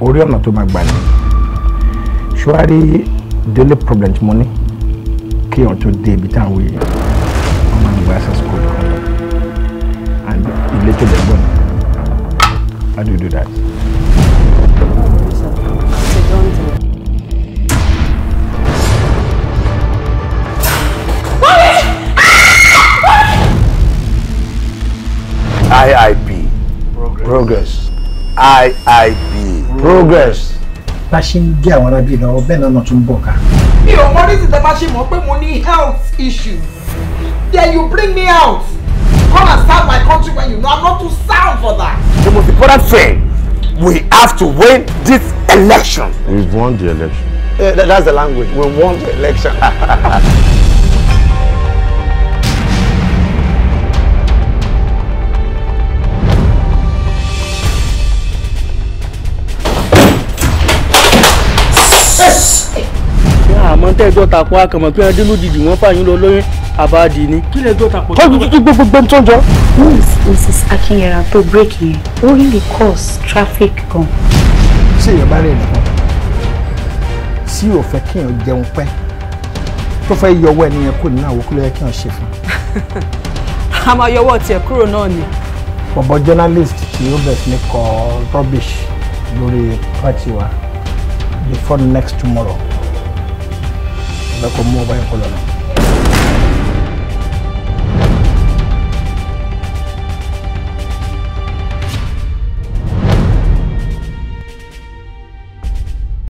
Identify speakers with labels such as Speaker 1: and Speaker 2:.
Speaker 1: orí ọ̀nà tó máa gbà ní ṣùwárí daily problem tí mo ní kí ọ̀n tó dé ibi táwọn yìí wọ́n máa ń gba access code kan and ilé tó lè gbọ́n how do you do that. IIP. Progress. Progress. IIP progress. bá ṣe ń gé àwọn arábí lọ bẹ́ẹ̀ náà tún bọ̀ ká. mi ò mọ ní tìtẹ́ bá ṣe mọ̀ pé mo ní health issue. then you bring me out come and serve my country when you know I'm not too sound for that. the most important thing we have to win this election. we won the election. Yeah, that's the language we won the election. àwọn tẹ́jọ́ tàpọ̀ akàmọ̀ pé ẹdín lójijì wọ́n fàyín lọ lóyún àbáàdì ni. kí lè jọ tàpọ̀. ó gbogbo gbogbo tó ń jọ. miss mrs akinyera tó break yẹn ó rí lè cause traffic gan. ṣé èèyàn bá rẹ̀ nìkan tí ò fẹ́ kéèyàn jẹun pẹ́ tó fẹ́ yọwọ́ ẹni yẹn kúrò nínú àwòkúlò yẹ kéèyàn ṣe fún. a máa yọwọ́ tiẹ̀ kúrò náà ni. bọ̀bọ̀ journalist tí ó bẹ̀rẹ̀ sí ní kọ rubbish lórí pàtì before next tomorrow. como vaya a colaborar.